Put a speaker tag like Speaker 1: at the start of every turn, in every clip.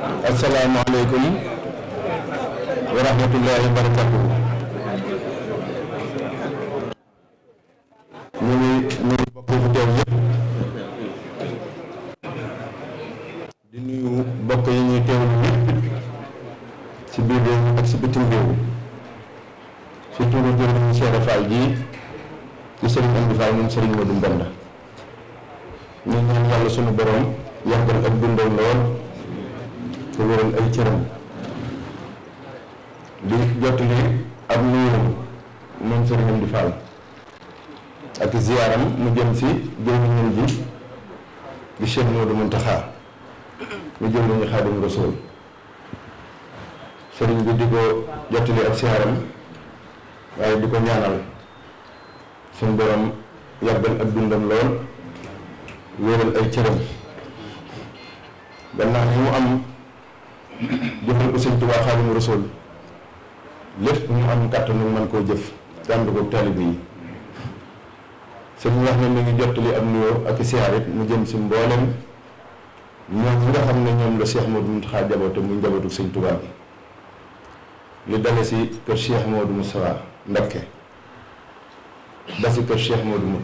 Speaker 1: asalaamaaleykum wa rahmatullahi wa barakatuh ñu ngi nuyu bokk fu teew yëpp di nuyu bokk yi ñuy teewlu yëpp ci biir réew ak ci bitim réew ci turu jëriñ Cheikh Fall ji ci Serigne Amdi Fall moom Serigne Modou Mbenda ñu ñaan yàlla sunu borom yàggal ak dundal lool te wéral ay cëram di jottali ab nuyoo moom sëriñam di Fall ak ziyaaram mu jëm si jëwriñam ji di Cheikh Modou Mountakha mu jëwriñu Xaadim Rasul sëriñ bi di ko jottali ab ziyaaram waaye di ko ñaanal suñ borom yàggal ak dundam lool wéral ay cëram gannaaw mu am jëfal ko sëñ Tuubaa Xaadimu Rasuul lépp mu am kàttan nu koo jëf dànd ko taalibe yi sëñ wax ne mi ngi jottali mu jëm si mboolem ñoom ñi nga xam ne ñoom la muy njabootu sëñ si kër Cheikh Modou Moustapha Mbacké ba si kër Cheikh Modou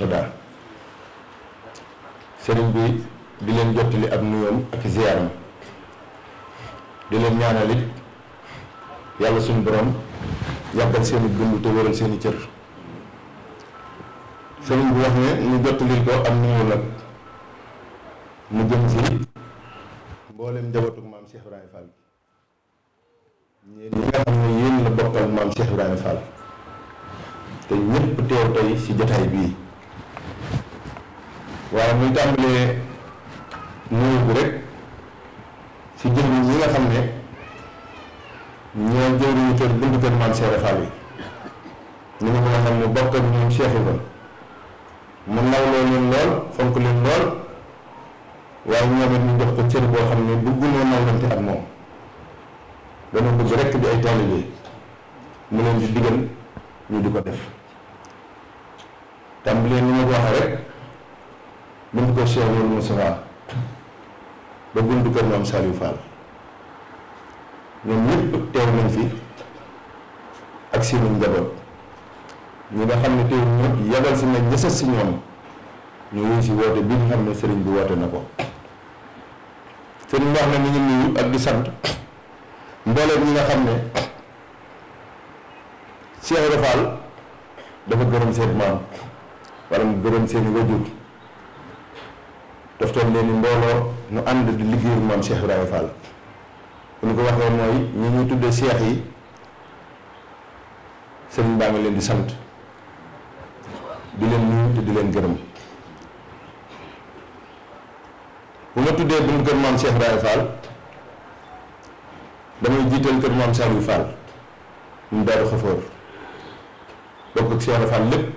Speaker 1: bi di leen jottali ab nuyoom ak ziyaaram di leen ñaanal it yàlla suñu borom yàggal seen i dund te wéral seen cër sëriñ bi wax ne ñu jottalil ko am nuyoo nag mu jëm si
Speaker 2: mboolem njabootu maam Cheikh Ibrahima Fall ñeen ñi nga
Speaker 1: xam ne yéen la bokkal maam Cheikh Ibrahima Fall te ñëpp teew tey ci jotaay bii waaye muy tàmbalee nuyu bi rek. ci jëwriñ yi nga xam ne ñoo jëwriñu kër buntu kër maam Cheikh Fall yi ni ma ko waxee mu bokk ak ñoom Cheikh Ibra mu leen lool fonk leen lool boo xam ne bëggunoo nawlante ak moom dana bëgg rekk di ay taalibe mu leen di di ko def tàmbalee ni ma ko ko Cheikh Ibra Moussa ba buntu kër maam ñoom ñëpp teew nañ fi ak seenu njaboot ñi nga xam ne teew ñoom yabal si na ñësës si ñoom ñu wuy si woote bi ñu xam ne sëriñ bi na ko sëriñ wax na ñu nuyu ak di sant mbooleem ñi nga xam ne Cheikh dafa gërëm seen maam wala mu gërëm seen wajur daf toon leen ni mbooloo nu ànd di liggéeyu maam Cheikh Ibrahima bu ñu ko waxee mooy ñi ñu tuddee seex yi sëriñ baa ngi leen di sant di leen nuyu te di leen gërëm bu ma tuddee bu mu kër maam Cheikh Raye Fall damay jiital kër maam Saliou Fall mu daaru xafoor bokk ak Cheikh Raye Fall lépp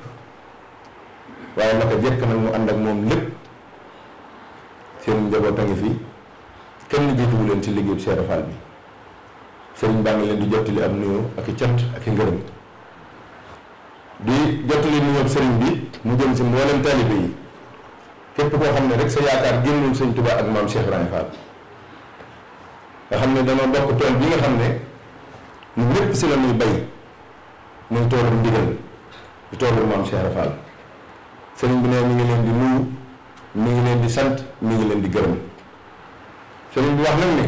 Speaker 1: waaye naka jekk nag mu ànd ak moom lépp seen njaboot a ngi fii kenn jiituwu leen ci liggéeyu Cheikh Fall bi sëriñ baa ngi leen di jottali am nuyoo ak i cant ak i ngërëm di jottali nuyoo sëriñ bi mu jëm si mboolem taalibe yi képp koo xam ne rek sa yaakaar génnul sëñ Tuubaa ak maam Cheikh Ibrahima nga xam ne dana bokk tool bi nga xam ne mu ñëpp si la ñuy bay muy toolu ndigal di toolu maam Cheikh Ibrahima bi ne mu ngi leen di nuyu mi ngi leen di sant mi ngi leen di gërëm. sëriñ bi wax nag ne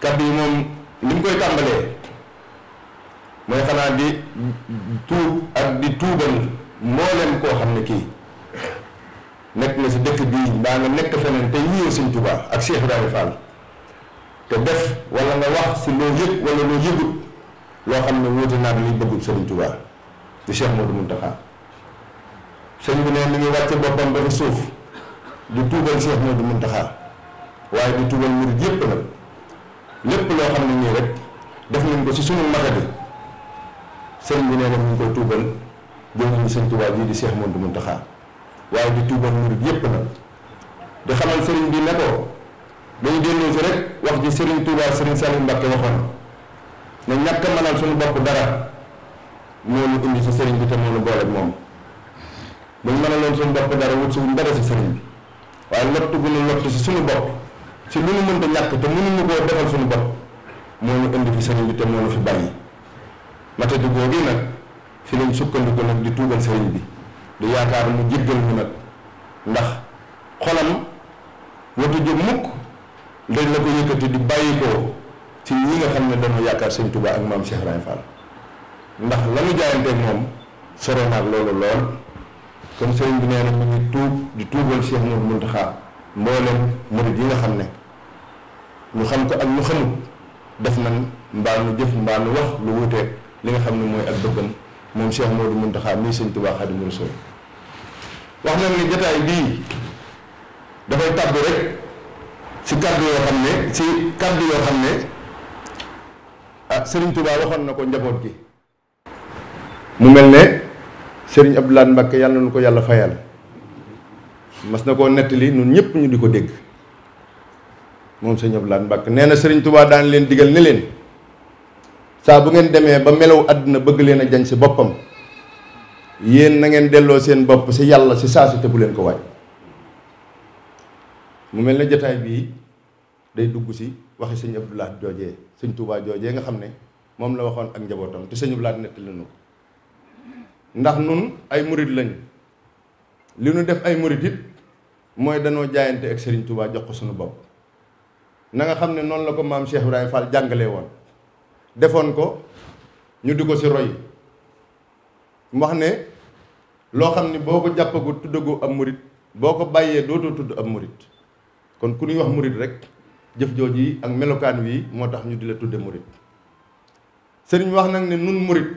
Speaker 1: kaddu yi moom ni mu koy tàmbalee mooy xanaa di tuub ak di tuubal mboolem koo xam ne kii nekk na si dëkk bii mbaa nga nekk feneen te yiiw sëñ Tuubaa ak seex Cheikh Ibrahima Fall te def wala nga wax si loo yëg wala loo yëgut loo xam ne wuute naa li bëggul sëriñ Tuubaa di Cheikh Modou Mountakha sëñ bi ne mi ngi wàcce boppam ba fi suuf di tuubal Cheikh Modou Mountakha waaye di tuubal murid yépp nag lépp loo xam ne nii rek def nañ ko ci sunu maxadi sëriñ bi nee na mu ngi koy tuubal jëm ni sëñ Tuubaa ji di Seex Moodu Muntaxaa waaye di tuubal murid yépp nag sëriñ bi ne ko dañu delloo si rek wax ji sëriñ Tuubaa sëriñ Saliou Mbacke waxoon ne ñàkk a mënal suñu bopp dara si sëriñ bi te noonu boole ak moom buñ mënaloon suñu bopp dara wut suñu dara si sëriñ bi waaye lottu gu lottu si suñu bopp ci lu ñu mënta ñàkk te mënuñu koo defal suñu bopp moo ñu indi fi sëriñ bi te moo ñu fi bàyyi matadi googu nag si lañ sukkandiku nag di tuubal sëriñ bi di yaakaar mu jéggal mu nag ndax xolam watu jóg mukk dañ la ko yëkkati di bàyyi ko ci ñi nga xam ne dañoo yaakaar sëñ Tuubaa ak maam Cheikh Ibrahima Fall ndax la mu jaayanteeg moom sore naag loolu lool kon sëriñ bi nee na mu ngi tuub di tuubal Cheikh Mountakha mboolem murid yi nga xam ne ñu xam ko ak ñu xamut def nañ mbaa nu jëf mbaa nu wax lu wuteeg li nga xam ne mooy ak bëggam moom Cheikh Modou Mountakha mii sëñ Tuubaa Xaadimu Rasuul wax nañ ne jotaay bii dafay tàbb rek si ne
Speaker 2: si kàddu xam ne ah Serigne Touba waxoon na ko njaboot gi. mu mel ne Serigne Abdoulaye Mbacke yàlla na ko yàlla fayal mas na koo nettali ñun ñëpp ñu di ko dégg. moom sëñ laat mbàkk Mbacke nee na sëriñ Touba daan leen digal ne leen saa bu ngeen demee ba melaw àdduna bëgg leen a jañ si boppam yéen na ngeen delloo seen bopp si yàlla si saa si te bu leen ko waaj mu mel ne jataay bii day dugg si waxi sëñ Abdou Lahad joojee sëñ Touba joojee nga xam ne moom la waxoon ak njabootam te sëñ Abdou Lahad nettali nañu ko ndax nun ay murit lañ li nu def ay murit it mooy danoo jaayante ak sëriñ Touba jox ko sunu bopp. na nga xam ne noonu la ko maam Cheikh Ibrahima Fall jàngalee woon defoon ko ñu di ko si roy mu wax ne loo xam ne boo ko jàppagut tuddagoo ab murit boo ko bàyyee dootoo tudd ab murit kon ku ñuy wax murit rek jëf jooju yi ak melokaan wii moo tax ñu di la tudde murit sëriñ wax nag ne nun murit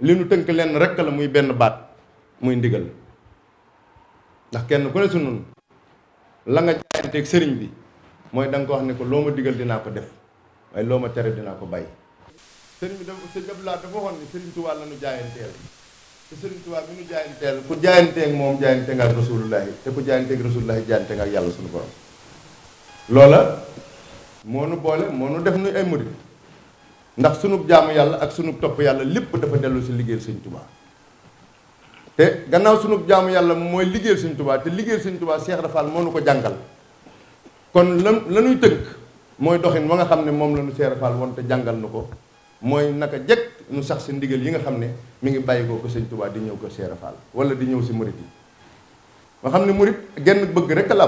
Speaker 2: li nu tënk lenn rekk la muy benn baat muy ndigal ndax kenn ku ne su nun la nga jaayanteeg sëriñ bi mooy da nga ko wax ne ko loo ma digal dinaa ko def waaye loo ma tere dinaa ko bàyyi. sëriñ bi dafa sëriñ Abdoulaye dafa waxoon ne sëriñ Tuubaa la nu jaayanteel te sëriñ Tuubaa bi ñu jaayanteel ku jaayanteeg moom jaayante nga ak rasulullahi te ku jaayanteeg rasulullahi jaayante nga ak yàlla suñu borom. loola moo nu boole moo nu def nu ay murid ndax sunu jaamu yàlla ak sunu topp yàlla lépp dafa dellu si liggéey sëriñ Tuubaa te gannaaw sunu jaamu yàlla mooy liggéeyal sëriñ Tuubaa te liggéeyal sëriñ Tuubaa Cheikh Rafal moo nu ko jàngal. kon lan la ñuy tënk mooy doxin wa nga xam ne moom la ñu seer faal woon jàngal na ko mooy naka jekk ñu sax si ndigal yi nga xam ne mi ngi bàyyi koo ko sëñ Tuubaa di ñëw ko seer faal wala di ñëw si murit yi nga xam ne murit genn bëgg rek la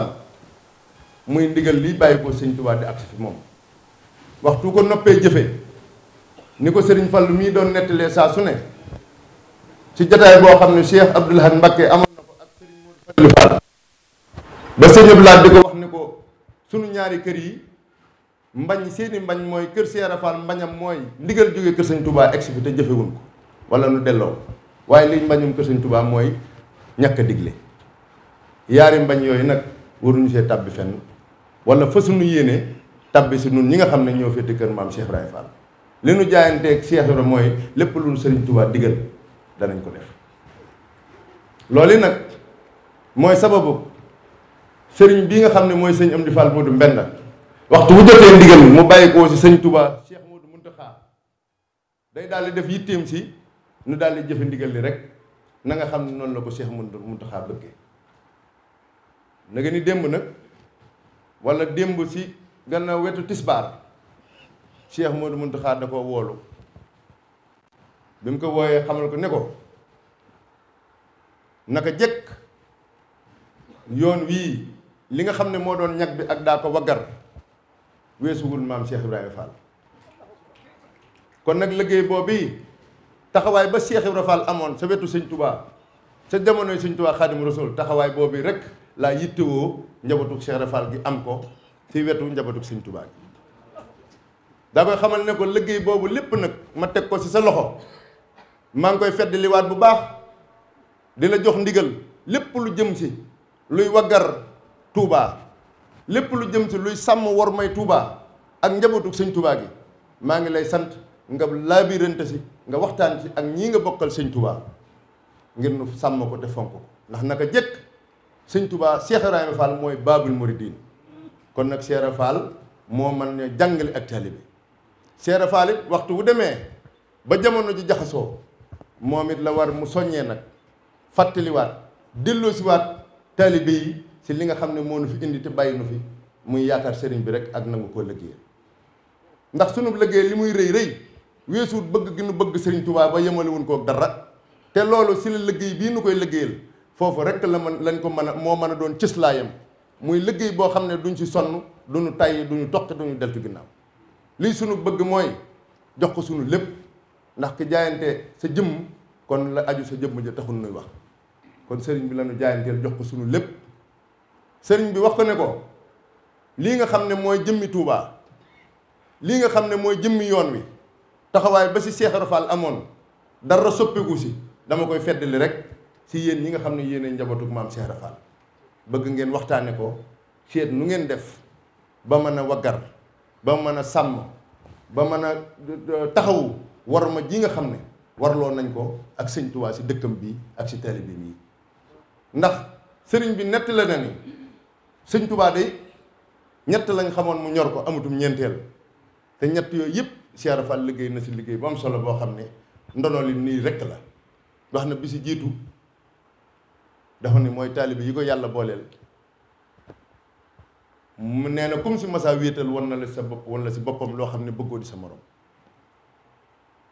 Speaker 2: muy ndigal liy bàyyi ko sëñ Tuubaa di agsi fi moom waxtu ko noppee jëfee ni ko sëriñ lu muy doon nettalee saa su ne ci jataay boo xam ne Cheikh Abdoul Ahad Mbacké amoon na ko ak sëriñ Modou ba sëñ Abdoul sunu ñaari kër yi mbañ seeni mbañ mooy kër Seera Faal mbañam mooy ndigal jóge kër Sëñ Tuubaa egsi fi te jëfewuñ ko wala nu delloo waaye li mbañum kër Sëñ Tuubaa mooy ñakk a digle yaari mbañ yooyu nag waruñu see tàbbi fenn wala fa suñu yéene tàbbi si nun ñi nga xam ne ñoo féete kër maam Cheikh Ibrahima Fall li nu jaayanteeg Cheikh Ibra mooy lépp lu seen Sëriñ Tuubaa digal danañ ko def loolu nag mooy sababu sëriñ bii nga xam ne mooy sëñ Amdi Fall Modou Mbenda waxtu bu jotee ndigal mu bàyyi ko si sëñ Touba Cheikh Modou Mountakha day daal di def yitteem si nu daal di jëfe ndigal li rek na nga xam ne noonu la ko Cheikh Modou Mountakha bëggee na nga ni démb nag walla démb si gannaaw wetu tisbaar Cheikh Modou Mountakha da ko woolu bi mu ko wooyee xamal ko ne ko naka jëkk yoon wii li nga xam ne moo doon ñag bi ak daa ko waggar weesuwul maam Cheikh Ibrahima kon nag liggéey boobu taxawaay ba Cheikh Ibrahima amoon sa wetu sëñ Touba sa jamonoy sëñ Touba Xaadim Rasul taxawaay boobu rek laa yittewoo njabootu Cheikh Ibrahima Fall gi am ko si wetu njabatu sëñ Touba gi. daa koy xamal ne ko liggéey boobu lépp nag ma teg ko si sa loxo maa ngi koy feddliwaat bu baax di la jox ndigal lépp lu jëm si luy waggar. Touba lépp lu jëm ci luy sàmm war may Touba ak njabootu sëñ Touba gi maa ngi lay sant nga laabirante si nga waxtaan ci ak ñii nga bokkal sëñ Touba ngir nu sàmm ko te fonk ko ndax naka jëkk sëñ Touba Cheikh Ibrahima Fall mooy Baabul Muridiin kon nag Cheikh Fall moo mën ne jàngale ak taalibe Cheikh Fall it waxtu wu demee ba jamono ji jaxasoo moom it la war mu soññee nag fàttaliwaat delloosiwaat taalibe yi ci li nga xam ne moo nu fi indi te bàyyi nu fi muy yaakaar sëriñ bi rek ak nangu koo liggéey ndax sunu liggéey li muy rëy rëy weesuut bëgg gi nu bëgg sëriñ Tuubaa ba yemale wuñ ko dara te loolu si la liggéey bii nu koy liggéeyal foofu rek la mën lañ ko mën a moo mën a doon cëslaayam muy liggéey boo xam ne duñ si sonn duñu tàyyi duñu toqi duñu deltu ginnaaw lii sunu bëgg mooy jox ko sunu lépp ndax ki jaayante sa jëmm kon la aju sa jëmm ja wax kon sëriñ bi lañu jaayanteel jox ko sunu lépp sëriñ bi wax ko ne ko lii nga xam ne mooy jëmmi Touba lii nga xam ne mooy jëmmi yoon wi taxawaay ba si Cheikh Rafal amoon dara soppeeku si dama koy feddali rek si yéen ñi nga xam ne yéenay njabootug maam Cheikh bëgg ngeen waxtaane ko seet nu ngeen def ba mën a waggar ba mën a sàmm ba mën a taxawu war ma ji nga xam ne warloo nañ ko ak sëñ Touba si dëkkam bi ak si taalibe bi ndax sëriñ bi nett la na ni sëñ tubaa day ñett lañ xamoon mu ñor ko amatum ñeenteel te ñett yooyu yëpp Cheikh Ibra liggéey na si liggéey bu am solo boo xam ne ndono li nii rekk la wax na bi si jiitu dafa ne mooy taalibe yi ko yàlla booleel mu nee na comme si masaa wéetal wan na la sa bopp wan la si boppam loo xam ne bëggoo di sa morom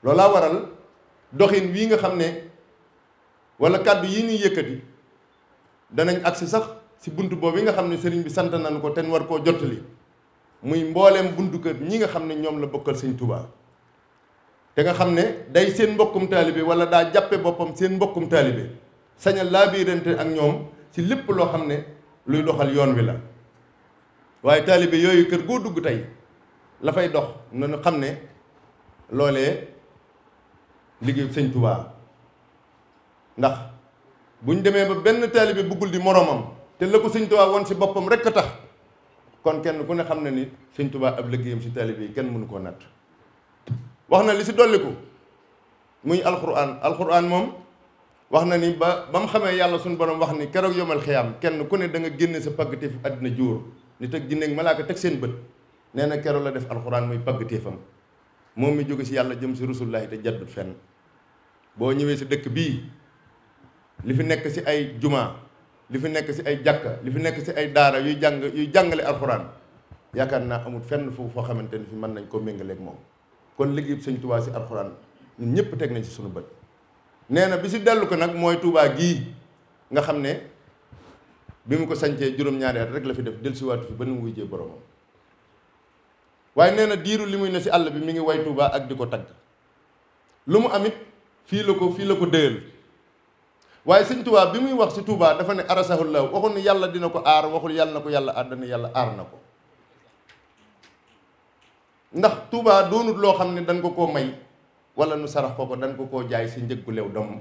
Speaker 2: laa waral doxin wii nga xam ne wala kàddu yi ñuy yëkkati danañ agsi sax si bunt boobu nga xam ne sëriñ bi sant nañu ko ten war koo jottali muy mbooleem buntu kër ñi nga xam ne ñoom la bokkal sañ Tuubaa te nga xam ne day seen mbokkum taalibe wala daa jàppe boppam seen mbokkum taalibe sañ a laabirante ak ñoom ci lépp loo xam ne luy doxal yoon wi la waaye taalibe yooyu kër goo dugg tey la fay dox nañu xam ne loolee liggéeyu sëñ Tuubaa ndax buñ demee ba benn taalibe buggul di moroomam te la ko sëñ Tuubaa woon si boppam rek a tax kon kenn ku ne xam na ni sëñ Tuubaa ab liggéeyam si taalibe yi kenn mënu koo natt wax na li si dolliku muy alxuraan alxuraan moom wax na ni ba ba mu xamee yàlla suñu borom wax ni keroog yomal xiyaam kenn ku ne da nga génne sa pàggatéef àddina jóor nit ak jinne ak malaaka teg seen bët nee na keroog la def alxuraan muy pàggatéefam moom mi jóge si yàlla jëm si rasulullaahi te jaddut fenn boo ñëwee si dëkk bii li fi nekk si ay jumaa li fi nekk si ay jàkka li fi nekk si ay daara yuy jàng yuy jàngale alxuraan yaakaar naa amul fenn foofu foo xamante ni fi mën nañ koo méngaleeg moom kon liggéey sëñ Touba si alxuraan ñun ñëpp teg nañ si sunu bët nee na bi si dellu ko nag mooy Touba gii nga xam ne bi mu ko sancee juróom-ñaari rek la fi def dellusiwaatu fi ba nu mu wujjee boromam waaye nee na diiru li muy ne si àll bi mu ngi woy Touba ak di ko tagg lu mu amit fii la ko fii la ko dëyal waaye sëñ Touba bi muy wax si tuubaa dafa ne arasahullaa waxul ne yàlla dina ko aar waxul yàlla na ko yàlla aar dana yàlla aar na ko ndax Touba doonut loo xam ne dañ ko koo may wala nu sarax ko ko dañ ko koo jaay si njëg gu lew doom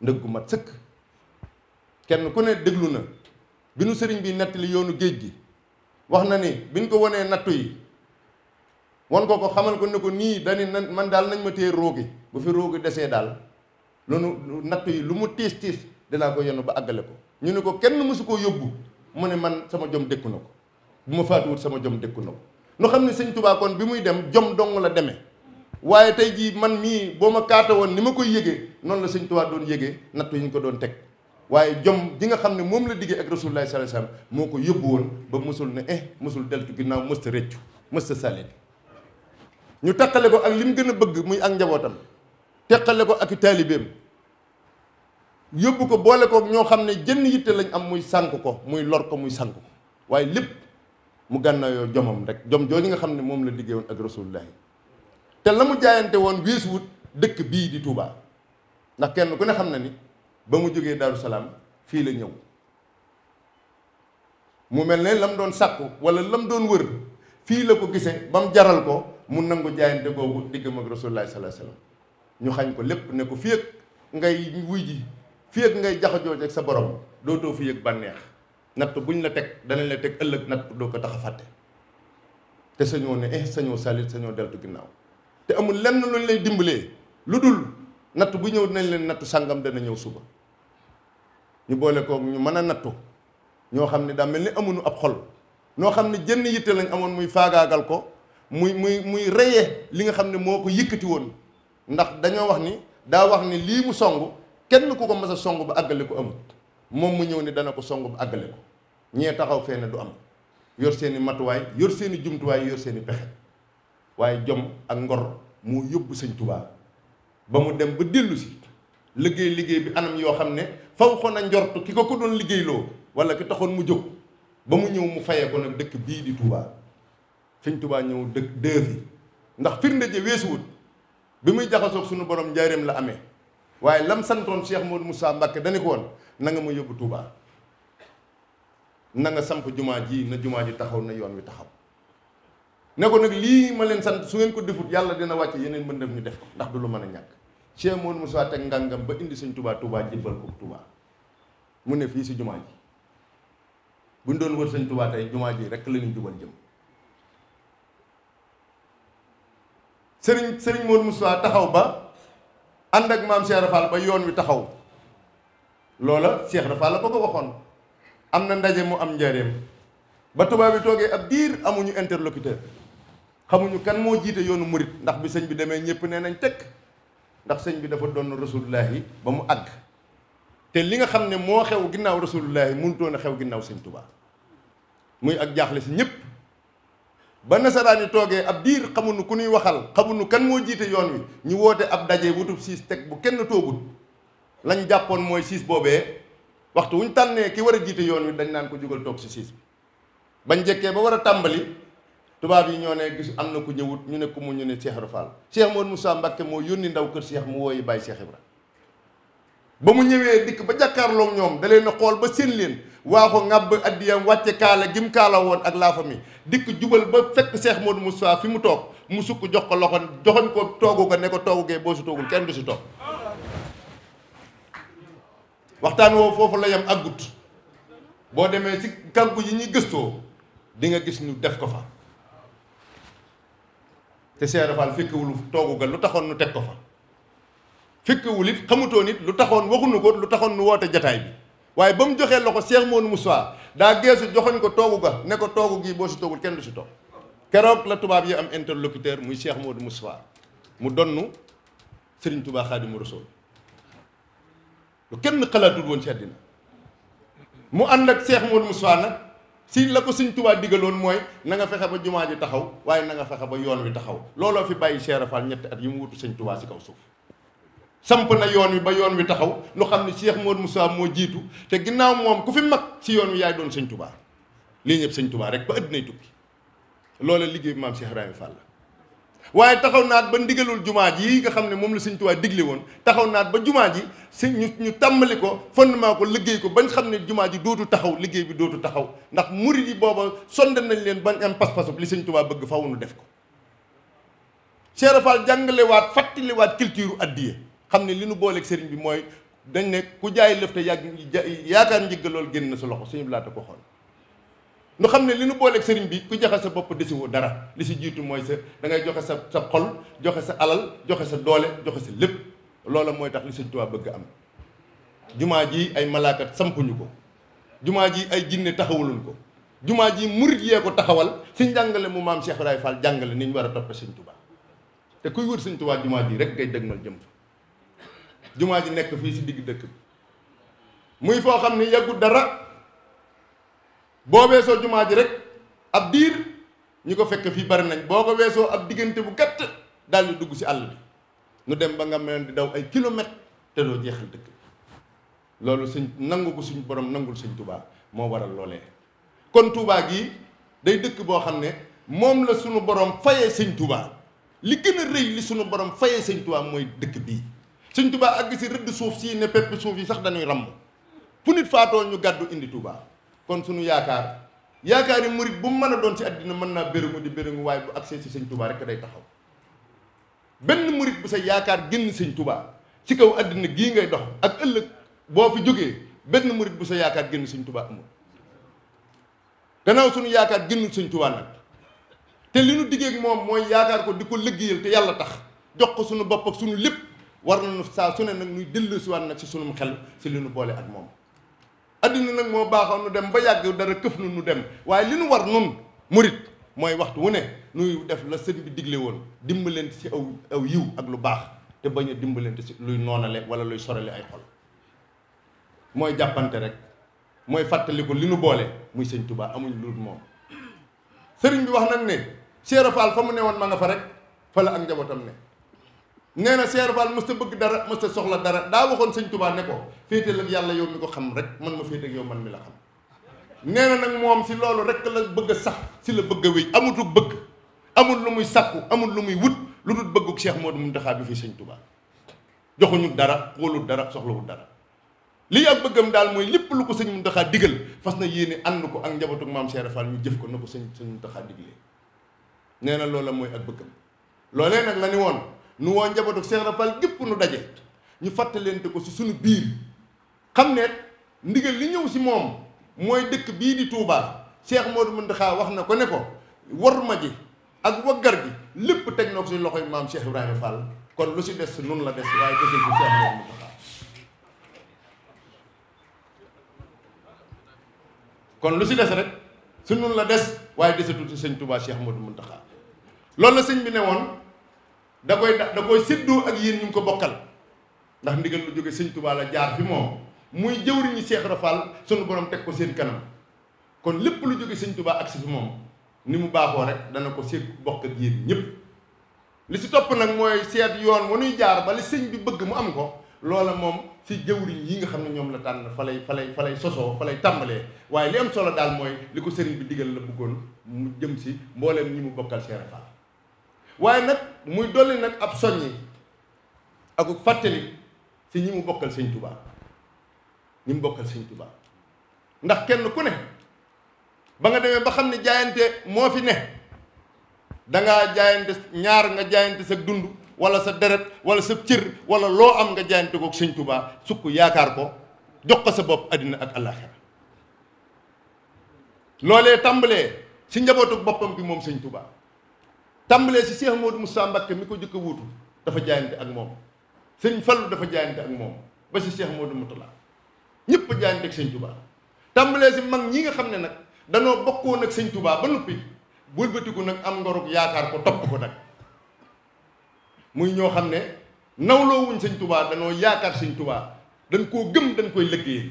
Speaker 2: ndëg mat sëkk kenn ku ne déglu na bi nu sëriñ bi li yoonu géej gi wax na ni biñ ko wanee nattu yi wan ko ko xamal ko ne ko nii dani man daal nañ ma téye roogi bu fi roogi desee daal loolu natt yi lu mu tiis tiis dinaa ko yenu ba àggale ko ñu ne ko kenn mësu koo yóbbu mu ne man sama jom dékku na ko bu ma faatuwut sama jom dékku na ko nu xam ne sëñ Tuubaa kon bi muy dem jom dong la demee waaye tey jii man mii boo ma kaata woon ni ma koy yëgee noonu la sëñ Tuubaa doon yëgee natt yi ñu ko doon teg waaye jom ji nga xam ne moom la diggee ak Rasulullah sallallahu alayhi moo ko yóbbu woon ba mosul ne eh mësul deltu ginnaaw mësta rëccu mësta salit ñu takkale ko ak li mu gën a bëgg muy ak njabootam teqale ko ak taalibeem yóbbu ko boole kook ñoo xam ne jën yitte lañ am muy sànk ko muy lor ko muy sànk ko waaye lépp mu gànnaayoo jomam rek jom jooju nga xam ne moom la liggéey woon ak rasulullahi te la mu jaayante woon weesu wut dëkk bii di tuubaa ndax kenn ku ne xam na ni ba mu jógee Daaru Salaam fii la ñëw mu mel ne la mu doon sàkku wala la mu doon wër fii la ko gisee ba mu jaral ko mu nangu jaayante googu diggam ak rasulullahi sallallahu alayhi wasallam ñu xañ ko lépp ne ko fii ak ngay wuy ji fii ak ngay jaxajoo ak sa borom doo fii ak bànneex natt ñu la teg danañ la teg ëllëg natt doo ko tax a fàtte te sañoo ne eh sañoo salit sañoo deltu ginnaaw te amul lenn luñ lay dimbalee lu dul natt bu ñëw dinañ leen nattu sàngam dana ñëw suba ñu boole koog ñu mën a nattu ñoo xam ne daa mel ni amuñu ab xol noo xam ne jënn yitte lañ amoon muy faagaagal ko muy muy muy reye li nga xam ne moo ko yëkkati woon ndax dañoo wax ni daa wax ni lii mu song kenn ku ko mës a song ba àggale ko amut moom mu ñëw ni dana ko song ba àggale ko ñee taxaw fee ne du am yor seeni matuwaay yor seeni jumtuwaay yor seeni pexe waaye jom ak ngor moo yóbbu sëñ tubaa ba mu dem ba dellu si liggéey liggéey bi anam yoo xam ne faw xon a njortu ki ko ko doon liggéeyloo wala ki taxoon mu jóg ba mu ñëw mu fayee ko nag dëkk bii di Tuubaa sëñ Tuubaa ñëw dëkk dëëf ndax firnde je weesuwut bi muy jaxasoog suñu borom njaareem la amee waaye lam santoon Cheikh Modou musaa Mbacke dañu ko woon na nga yóbbu Touba na nga samp jumaa ji na jumaa ji taxaw na yoon wi taxaw ne ko nag lii ma leen sant su ngeen ko defut yàlla dina wàcce yeneen mbëndam ñu def ko ndax du lu mën a ñàkk Cheikh Modou Moussa teg ngàngam ba indi sañ Touba Touba jébbal ko Touba mu ne fii si jumaa ji buñ doon wër sañ Touba tey jumaa ji rek la ñu jubal jëm sëriñ sëriñ Mor Moussa taxaw ba ànd ak maam Cheikh ba yoon wi taxaw loola Cheikh Rafal la ba ko waxoon am na ndaje mu am njaareem ba tubaab yi toogee ab diir amuñu interlocuteur xamuñu kan moo jiite yoonu murit ndax bi sëñ bi demee ñëpp nee nañ tekk ndax sëñ bi dafa doon rasulullahi ba mu àgg te li nga xam ne moo xew ginnaaw rasulullahi mënutoon a xew ginnaaw sëñ Tuubaa muy ak jaaxle si ñépp ba nasaraan yi toogee ab diir xamuñu ku ñuy waxal xamuñu kan moo jiite yoon wi ñu woote ab daje wutub siis teg bu kenn toogut lañ jàppoon mooy siis boobee waxtu wuñ tànnee ki war a jiite yoon wi dañ naan ko jugal toog si siis bi bañ njëkkee ba war a tàmbali tubaab yi ñoo ne gis am na ku ñëwut ñu ne ku mu ñu ne Cheikh Ibra Fall Cheikh Modou Moussa Mbacké moo yónni ndaw kër Cheikh mu wooyi Baye Cheikh Ibra ba mu ñëwee dikk ba jàkkaarloog ñoom da leen a xool ba seen leen waaxu ngàbb addiyam wàcce kaala gim kaala woon ak laa fa mi dikk jubal ba fekk Cheikh Modou Moustapha fi mu toog mu sukk jox ko loxo joxoñ ko toogu ko ne ko toogu gee boo si toogul kenn du si toog waxtaan woo foofu la yam àggut boo demee ci kànku yi ñu gëstoo di nga gis ñu def ko fa te Cheikh Fall fekkiwul toogu ga lu taxoon nu teg ko fa fekkiwul it xamutoo nit lu taxoon waxuñu ko lu taxoon nu woote jataay bi waaye ba mu joxee loxo seex Mouhamadou Moussa daa geesu joxoñ ko toogu ga ne ko toogu gii boo si toogul kenn du si toog keroog la tubaab yi am interlocuteur muy Cheikh Mouhamadou Moussa mu donnu Serigne Touba Khadimou Rassoul lu kenn xalaatul woon ci àddina mu ànd ak seex Mouhamadou Moussa nag si la ko Serigne Touba digaloon mooy na nga fexe ba jumaa ji taxaw waaye na nga fexe ba yoon wi taxaw looloo fi bàyyi Cheikh Rafal ñetti at yi mu wutu Serigne Touba si kaw suuf samp na yoon wi ba yoon wi taxaw nu xam ne Cheikh Modou Moussa moo jiitu te ginnaaw moom ku fi mag ci yoon wi yaay doon sëñ Touba lii ñëpp sëñ Touba rek ba ëdd nay tukki loola liggéey bi maam Cheikh Ibrahima Fall la waaye taxaw naat ba ndigalul jumaa ji yi nga xam ne moom la sëñ Touba digle woon taxaw naat ba jumaa ji si ñu ñu tàmbali ko fondement ko liggéey ko bañ xam ne jumaa ji dootu taxaw liggéey bi dootu taxaw ndax murid yi booba sonde nañ leen bañ am li sëñ Touba bëgg faaw nu def ko Cheikh Fall jàngalewaat fàttaliwaat culture addiye xam ne li nu booleek sëriñ bi mooy dañ ne ku jaay lëf te yàgg yaakaar njëgg loolu génn na sa loxo suñu laata ko xool nu xam ne li nu booleeg sëriñ bi ku joxe sa bopp desiwoo dara li si jiitu mooy sa dangay joxe sa sa xol joxe sa alal joxe sa doole joxe sa lépp loola mooy tax li sëñ Tuubaa bëgg am jumaa ji ay malaakat sampuñu ko jumaa ji ay jinne taxawaluñ ko jumaa ji murit yee ko taxawal si njàngale mu maam Cheikh Ibrahima Fall jàngale ni ñu war a topp sëñ Tuubaa te kuy wër sëñ Tuubaa jumaa ji rek ngay dëgmal jëm fa jumaa ji nekk fii si digg dëkk bi muy foo xam ni yàggu dara boo weesoo jumaa ji rek ab biir ñi ko fekk fii bari nañ boo ko weesoo ab diggante bu gàtt daal di dugg si àll bi nu dem ba nga mel di daw ay kilomètre te doo jeexal dëkk bi loolu suñ nangu ko suñ borom nangul suñ Touba moo waral loolee kon Touba gii day dëkk boo xam ne moom la sunu borom fayee sëñ Touba li gën a rëy li sunu borom fayee sëñ Touba mooy dëkk bii sëñ Touba àgg si rëdd suuf sii ne pepp suuf yi sax dañuy ramm fu nit faatoo ñu gàddu indi tubaa kon suñu yaakaar yaakaar yi murit bu mën a doon si àddina mën naa béréngu di béréngu waaye bu agsee si sëñ Touba rek day taxaw benn murit bu sa yaakaar génn sëñ tubaa ci kaw àddina gii ngay dox ak ëllëg boo fi benn murit bu sa yaakaar génn sëñ tubaa amul suñu yaakaar génnul sëñ Touba nag te li nu diggee moom mooy yaakaar ko di ko liggéeyal te yàlla tax jox ko suñu bopp ak suñu lépp war nañu saa su ne nag si dellusiwaat nag ci sunu xel si li nu boole ak moom adduna nag moo baaxoon nu dem ba yàgg dara këf nu nu dem waaye li nu war nun murit mooy waxtu wu ne nuy def la sëñ bi digle woon dimbaleent ci aw aw yiw ak lu baax te bañ a dimbalante ci luy noonale wala luy sorale ay xol mooy jàppante rek mooy fàttaliku li nu boole muy sëñ Tuubaa amuñ lu moom sëriñ bi wax nag ne Cheikh Fall fa mu ne woon ma nga fa rek fa la ak njabootam ne nee na Cheikh Fall mës ta bëgg dara mës soxla dara daa waxoon sëñ Tuubaa ne ko féete la yàlla yow mi ko xam rek man ma féete ak man mi la xam nee na nag moom si loolu rek la bëgg sax si la bëgg a wéy amatul bëgg amul lu muy sàkku amul lu muy wut lu dul bëgguk Cheikh Modou Mountakha bi fii sëñ Tuubaa joxuñu dara xóolul dara soxlawul dara lii ak bëggam daal mooy lépp lu ko sëñ Mountakha digal fas na yéene ànd ko ak njabootu maam Cheikh Fall ñu jëf ko na ko sëñ sëñ Mountakha diglee nee mooy ak bëggam loolee la ni woon nu woo njabootu Cheikh Rafal gépp nu daje ñu fàttalente ko si suñu biir xam ne ndigal li ñëw si moom mooy dëkk bii di Touba Cheikh Modou xaa wax na ko ne ko war ma ji ak waggar gi lépp teg na ko si loxoy maam Cheikh Ibrahima kon lu si des nun la des waaye desul ko kon lu si des rek su nun la des waaye desatul si sëñ Touba Cheikh Modou Mountakha loolu la sëñ bi ne woon da koy da koy séddoo ak yéen ñu ngi ko bokkal ndax ndigal lu jóge sëñ Tuubaa la jaar fi moom muy jëwriñu Seex Ibra Faal sunu borom teg ko seen kanam kon lépp lu jóge sëñ Tuubaa ak si fi moom ni mu baaxoo rek dana ko séet bokk ak yéen ñëpp li si topp nag mooy seet yoon wu nuy jaar ba li sëñ bi bëgg mu am ko loola moom si jëwriñ yi nga xam ne ñoom la tànn fa lay fa lay fa lay sosoo fa lay tàmbalee waaye li am solo daal mooy li ko sëriñ bi digal la bëggoon mu jëm si mbooleem ñi mu bokkal waaye nag muy dolli nag ab soññi ak fàttali si ñi mu bokkal sëñ Tuubaa ñi mu bokkal sëñ Tuubaa ndax kenn ku ne ba nga demee ba xam ne jaayante moo fi ne dangaa jaayante ñaar nga jaayante sa dund wala sa deret wala sa cër wala loo am nga jaayante ko sëñ Tuubaa sukk yaakaar ko jox ko sa bopp àddina ak àllaaxira loolee tàmbalee si njabootu boppam bi moom sëñ Tuubaa tàmbalee si Cheikh Modou Moussa Mbacké mi ko jëkk a dafa jaayante ak moom sëriñ Fallu dafa jaayante ak moom ba si Cheikh Modou Moutala ñëpp a jaayante ak sëñ Touba tàmbalee si mag ñi nga xam ne nag danoo bokkoon ak sëñ Touba ba noppi wëlbatiku nag am ngorog yaakaar ko topp ko nag muy ñoo xam ne nawloo wuñ sëñ Touba danoo yaakaar sëñ Touba dañ koo gëm dañ koy liggéey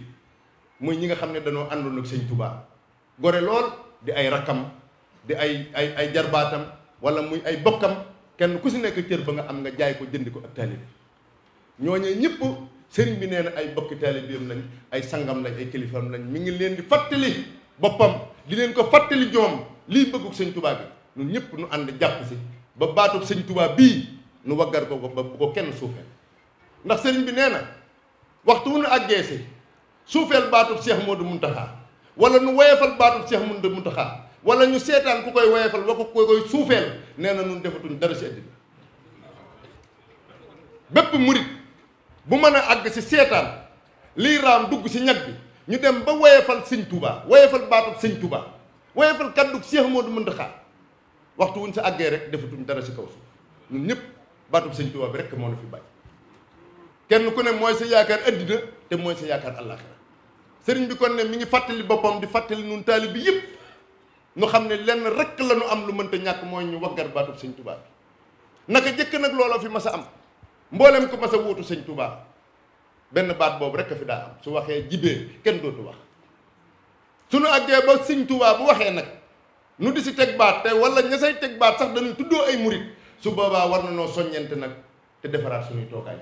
Speaker 2: muy ñi nga xam ne danoo àndoon ak sëñ Touba gore lool di ay rakkam di ay ay ay jarbaatam wala muy ay bokkam kenn ku si nekk cër ba nga am nga jaay ko jënd ko ak ñoo ñooñee ñëpp sëriñ bi nee na ay bokki taalibeem lañ ay sangam lañ ay kilifaam lañ mu ngi leen di fàttali boppam di leen ko fàttali joom lii bëgguk sëñ tubaa bi ñun ñëpp nu ànd jàpp si ba baatub sëñ tubaa bii nu waggar ko ba bu ko kenn suufeel ndax sëriñ bi nee na waxtu wu nu àggee si suufeel baatub seex Moodu Muntaxaa wala nu woyefal baatub seex Moodu Muntaxaa wala ñu seetaan ku koy woyefal ko ku koy suufeel nee na nun defatuñ dara si àddina bépp murit bu mën a àgg si seetaan lii raam dugg si ñag bi ñu dem ba woyefal sëñ tubaa woyefal baatub sëñ Tuubaa woyefal kàddug Seex Moodu Muntaxaa waxtu wuñ sa àggee rek defatuñ dara si kaw suuf ñun ñëpp baatub sëñ Tuubaa bi rek moo na fi bàyyi kenn ku ne mooy sa yaakaar àddina te mooy sa yaakaar àllaaxira sëriñ bi kon ne mi ngi fàttali boppam di fàttali nun bi yëpp nu xam ne lenn rek la nu am lu mënta ñàkk mooy ñu waggar baatub sëñ tubaa bi naka jëkk nag looloo fi ma a am mboolem ko mas a wuutu sëñ tubaa benn baat boobu rek a fi daa am su waxee jibee kenn dootu wax suñu àggee ba sëñ tubaa bu waxee nag nu di si teg baat te wala ña say teg baat sax dañuy tuddoo ay murit su boobaa war na noo soññante nag te defaraat suñuy toogaay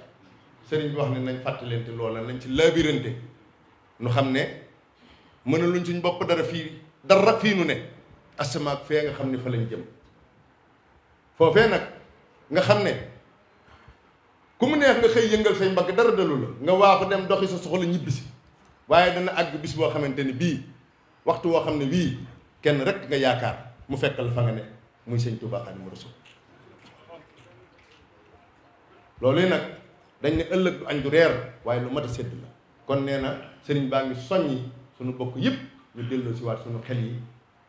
Speaker 2: sëriñ bi wax ne nañ fàttalente loola nañ ci laabirante nu xam ne mëna luñ suñ bopp dara fii dara fii nu ne asamaak fee nga xam ni fa lañ jëm foofee nag nga xam ne ku mu neex nga xëy yëngal say mbagg dara dalu la nga waaxu dem doxi sa soxla ñibbisi waaye dana àgg bis boo xamante ni bii waxtu woo xam ne wii kenn rek nga yaakaar mu fekkal fa nga ne muy sëñ Tuubaa Xaadimu Rasuul loolu yi nag dañ ne ëllëg du añ du reer waaye lu mat a sedd la kon nee na sëriñ baa ngi soññi sunu bokk yëpp ñu delloo si waat sunu xel yi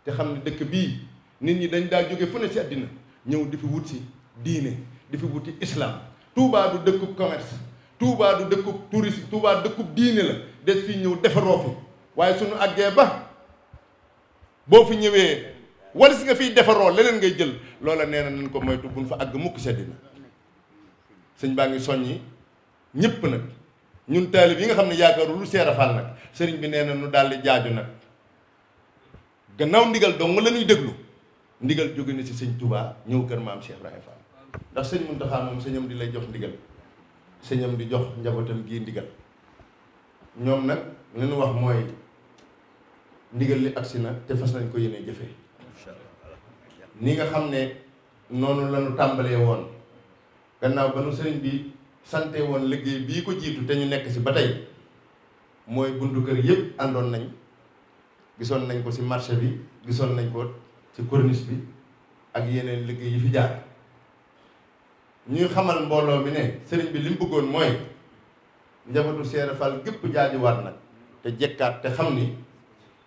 Speaker 2: te xam ne dëkk bii nit ñi dañ daa jóge fu ne ci àddina ñëw di fi wut si diine di fi wuti islam tuubaa du dëkkub commerce Touba du dëkkub tourisme Touba dëkkub diine la des fi ñëw defaroo fi waaye suñu àggee ba boo fi ñëwee walis nga fiy defaroo leneen ngay jël loola nee na nañ ko moytu buñ fa àgg mukk seddina sëñ baa ngi soññi ñëpp nag ñun taalib yi nga xam ne yaakaaru lu seer a faal nag sëriñ bi nee na nu daal di jaaju nag gannaaw ndigal dong la ñuy déglu ndigal jóge na ci sëñ Touba ñëw kër maam Cheikh Ibrahima Fall ndax sëñ Mountakha moom sëñam di lay jox ndigal sëñam di jox njabootam gii ndigal ñoom nag li wax mooy ndigal li agsi na te fas nañ ko yéene jëfee ni nga xam ne noonu la tàmbalee woon gannaaw ba nu sëriñ bi sante woon liggéey bii ko jiitu te ñu nekk si ba tey mooy buntu kër yëpp àndoon nañ gisoon nañ ko ci marché bi gisoon nañ ko ci corniche bi ak yeneen liggéey yi fi jaar ñuy xamal mbooloo mi ne sëriñ bi li mu bëggoon mooy njabootu Seere Fall gépp jaajuwaat nag te jekkaat te xam ni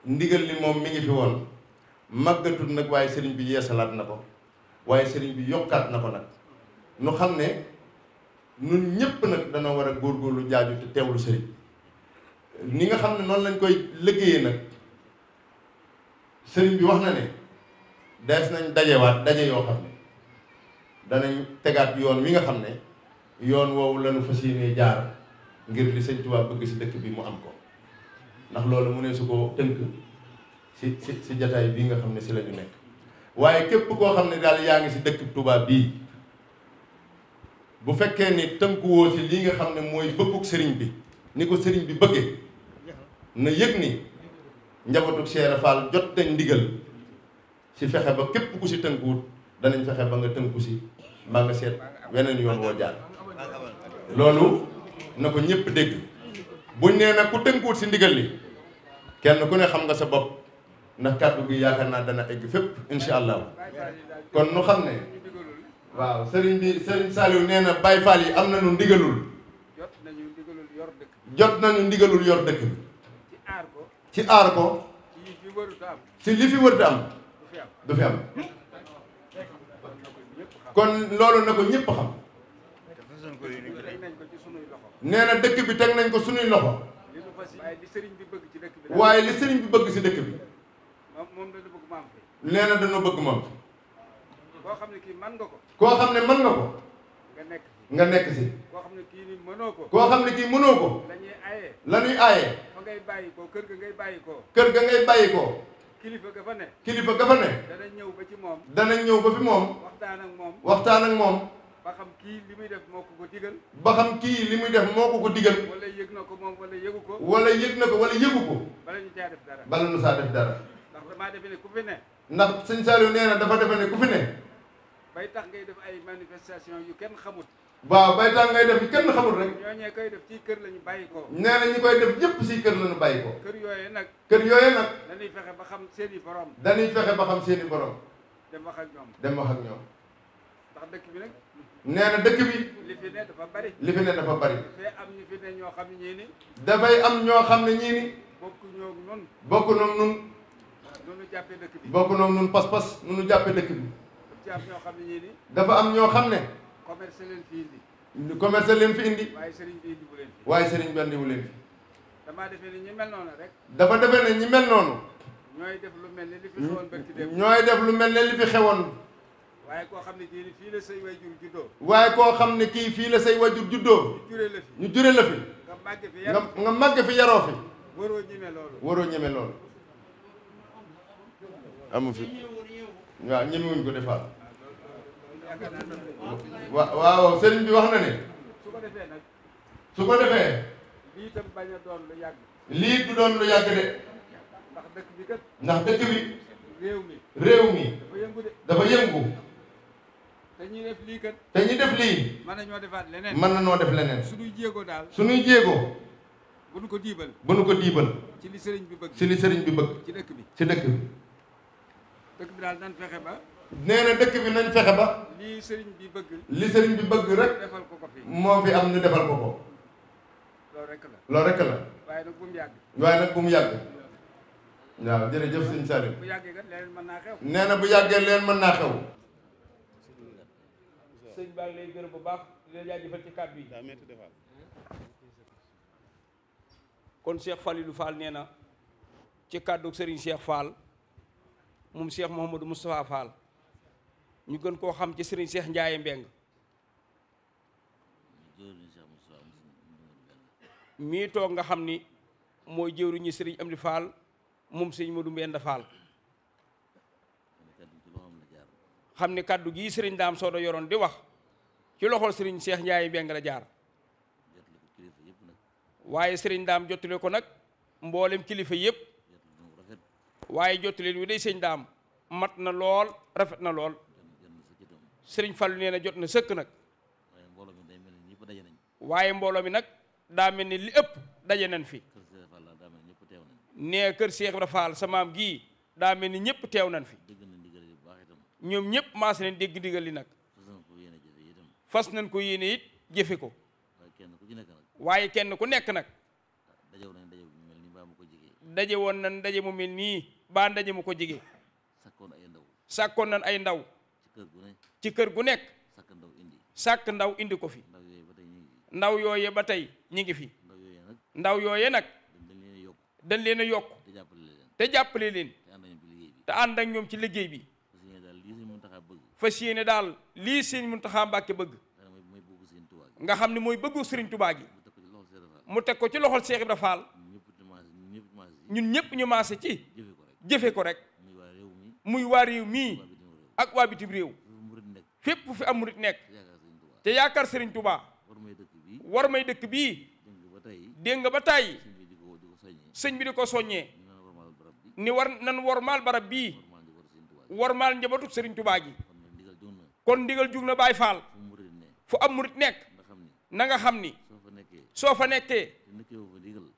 Speaker 2: ndigal li moom mi ngi fi woon màggatul nag waaye sëriñ bi yeesalaat na ko waaye sëriñ bi yokkaat na ko nag nu xam ne nun ñëpp nag danoo war a góorgóorlu jaaju te teewlu sëriñ ni nga xam ne noonu lañ koy liggéeyee nag sëriñ bi wax na ne des nañ dajewaat daje yoo xam ne danañ tegaat yoon wi nga xam ne yoon woowu lañu fas yéenee jaar ngir li sëñ Tuubaa bëgg si dëkk bi mu am ko ndax loolu mu ne su ko tënk si si si jataay bii nga xam ne si la ñu nekk waaye képp koo xam ne daal yaa ngi si dëkk Tuubaa bii bu fekkee ni tënkuwoo si lii nga xam ne mooy bëgguk sëriñ bi ni ko sëriñ bi bëggee na yëg ni njabootu Cheikh Fall jot nañ ndigal ci fexe ba képp ku si tënkuwut danañ fexe ba nga tënku si maa nga seet weneen yoon woo jaar loolu na ko ñëpp dégg bu nee nag ku tënkuwut si ndigal li kenn ku ne xam nga sa bopp ndax kàddu gi yaakaar naa dana egg fépp incha allah kon nu xam ne waaw sëriñ bi sëriñ Saliou nee na Baye Fall yi am na nañu ndigalul jot nañu ndigalul yor dëkk ci aar ko ci li fi wërta am du fi am kon loolu na ko ñëpp xam nee na dëkk bi teg nañ ko suñuy loxo waaye li sëriñ bi bëgg ci dëkk bi nee na dañoo bëgg moom koo xam ne mën nga ko. nga nekk si.
Speaker 3: koo xam ne kii nii mënoo ko. koo xam ne kii mënoo ko. la ñuy aaye. la ñuy aaye. fa ngay bàyyi ko kër ga ngay bàyyi ko. kër ga ngay bàyyi ko. kilifa ga fa ne. kilifa ga fa ne. danañ ñëw ba ci moom. danañ ñëw ba fi moom. waxtaan ak moom.
Speaker 2: waxtaan ak moom.
Speaker 3: ba xam kii li muy def moo ko ko digal. ba xam kii li muy def moo ko ko digal. wala yëg na ko moom wala yëgu ko. wala yëg na ko wala yëgu ko. bala ñu caa def dara.
Speaker 2: bala ñu saa def dara.
Speaker 3: ndax damaa defe ne
Speaker 2: ku fi ne. ndax sëñ Saliou nee na dafa defe ne ku fi ne.
Speaker 3: bay tax ngay def ay manifestation yu kenn xamut.
Speaker 2: waaw baytaan ngay def kenn xamul rek.
Speaker 3: ñooñee koy def ci kër la ñu bàyyi ko. nee na ñi koy def ñëpp ci kër la ñu bàyyi ko. kër yooyee nag. kër yooyee nag. dañuy fexe ba xam seen i borom.
Speaker 2: dañuy fexe ba xam seen i borom. dem wax ak ñoom. dem wax ak ñoom. ndax dëkk bi nag. nee na dëkk bi.
Speaker 3: ne dafa bari. li fi ne dafa bari.
Speaker 2: dafay am ñu fi ne ñoo xam ne ñii ni. dafay am ñoo xam ne ñii ni.
Speaker 3: bokk ñoo nun.
Speaker 2: bokk ñoom nun. nu nu jàppee dëkk bi. bokk ñoom nun pas-pas nu nu jàppee dëkk bi.
Speaker 3: dafa am ñoo xam ne commerce leen fi
Speaker 2: indi. commerce leen fi indi. waaye
Speaker 3: sëriñ bi indiwu waaye
Speaker 2: sëriñ bi indiwu leen
Speaker 3: damaa defee ne ñi mel noonu rek. dafa defee ne ñu mel noonu. ñooy def lu mel ne li fi xewoon barki démb. def lu mel ne li fi xewoon. waaye koo xam ne kii fii la say wajur juddoo. waaye koo
Speaker 2: xam ne kii fii la say wajur juddoo. ñu jure la fi ñu jure la fi. nga màgg fi yaroo nga màgg fi yaroo fi. waroo ñeme loolu. fi waaw ñemewuñ ko defaat. wa waaw sëriñ bi wax na ne su ko defee nag su ko defee
Speaker 3: lii tam bañ a doon lu yàgg
Speaker 2: lii du doon lu yàgg de ndax dëkk bi kat ndax dëkk bi réew mi réew mi dafa yëngu de dafa yëngu
Speaker 3: te ñuy def lii kat te ñuy def defaat leneen mën nañoo def leneen suñuy jéego daal suñuy jéego bu nu ko diibal
Speaker 2: bu nu ko diibal
Speaker 3: ci li sëriñ bi bëgg
Speaker 2: ci li sëriñ bi bëgg ci dëkk bi ci dëkk bi
Speaker 3: dëkk bi daal nan fexe ba
Speaker 2: nee na dëkk bi nañ fexe ba.
Speaker 3: li sëriñ bi
Speaker 2: bëgg. li bëgg rek. defal ko moo fi am ñu defal ko ko. loolu rek la loolu rek la.
Speaker 3: waaye nag bu mu yàgg.
Speaker 2: waaye nag bu mu yàgg. waaw jërëjëf jëf Saliou. bu yàggee kat leen nee na bu yàggee leen mën naa xew.
Speaker 4: sëñ baa ngi lay gërëm bu baax di la jaajëfal ci kàddu yi. kon Cheikh Falilou Fall nee na ci kàddu Serigne Cheikh Fall moom Cheikh Mouhamadou Moustapha Fall. ñu gën koo xam ci sëriñ Cheikh Ndiaye Mbeng mii toog nga xam ni mooy jëwriñu sëriñ Amdi Fall moom sëriñ Modou Mbenda Fall xam ni kàddu gii sëriñ Daam Sooda yoroon di wax ci loxol sëriñ seex Ndiaye Mbeng la jaar waaye sëriñ Daam jottale ko nag mboolem kilifa yëpp waaye jottale wi day sëriñ Daam mat na lool rafet na lool sëriñ Fallou nee na jot na sëkk nag waaye
Speaker 2: mbooloo mi day mel ni ñëpp daje nañ
Speaker 4: waaye mbooloo mi nag daa mel ni li ëpp daje nan fi nee kër Cheikh Ibra Fall sa maam gii daa mel ni ñëpp teew nañ fi ñoom ñëpp maas nañ dégg ndigal li nag fas nañ ko yéene it jëfe ko waaye kenn ku nekk nag daje woon nañ daje mu mel nii baa ndaje mu ko jige sakkoon nan ay ndaw ci kër gu nekk sàkk ndaw indi sàkk ndaw indi ko fi ndaw yooye ba tey ñi ngi fi ndaw yooye nag dañ leen a yokk te jàppale leen te ànd ak ñoom ci liggéey bi fas yéene daal lii sëñ Muntaxa Mbàkke bëgg nga xam ne mooy bëggu sëriñ Tubaa gi mu teg ko ci loxol Seex Ibra Faal ñun ñëpp ñu maase ci jëfe ko rek muy waa réew mii ak waa bitim réew fépp fu fi am murit nekk te yaakaar sëriñ tubaa war may dëkk bii dégg nga ba tàyyi sëñ bi di ko soññee ni war nan wormaal barab bii wormaal njabootu sëriñ tubaa ji kon ndigal jug na Baay Faal fu am murit nekk na nga xam ni soo fa nekkee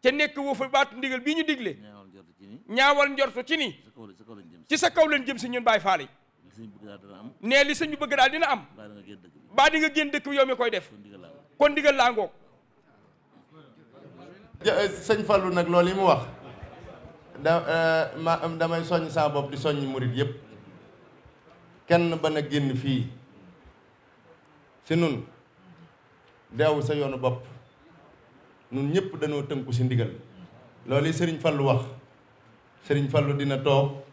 Speaker 4: te nekk woo fa baatu ndigal bii ñu digle ñaawal njortu ci ni ci sa kaw leen jëm si ñun Baay Faal yi nee li
Speaker 2: sëñ bëgg daal dina am. baa di nga génn dëkk yow mi koy def. kon digal laa ngoog. Eh, sëñ Fallou nag loolu yi mu wax da eh, ma damay soññ saa bopp di soññ murit yëpp kenn ba na génn fii si nun deew sa yoonu bopp nun ñëpp dañoo tënku si ndigal loolu yi sëriñ Fallou wax sëriñ Fallou dina toog.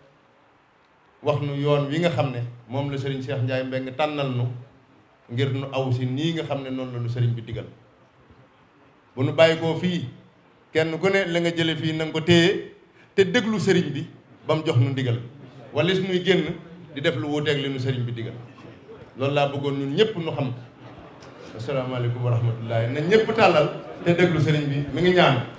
Speaker 2: wax nu yoon wi nga xam ne moom la sëriñ Cheikh Ndiaye Mbeng tànnal nu ngir nu aw si nii nga xam ne noonu la nu sëriñ bi digal bu nu bàyyi koo fii kenn ku ne la nga jële fii na ko téye te déglu sëriñ bi ba mu jox nu ndigal walis nuy génn di def lu wuuteeg li nu sëriñ bi digal loolu laa bëggoon ñun ñëpp nu xam asalaamaaleykum wa rahmatullahi na ñëpp tàllal te déglu sëriñ bi mi ngi ñaan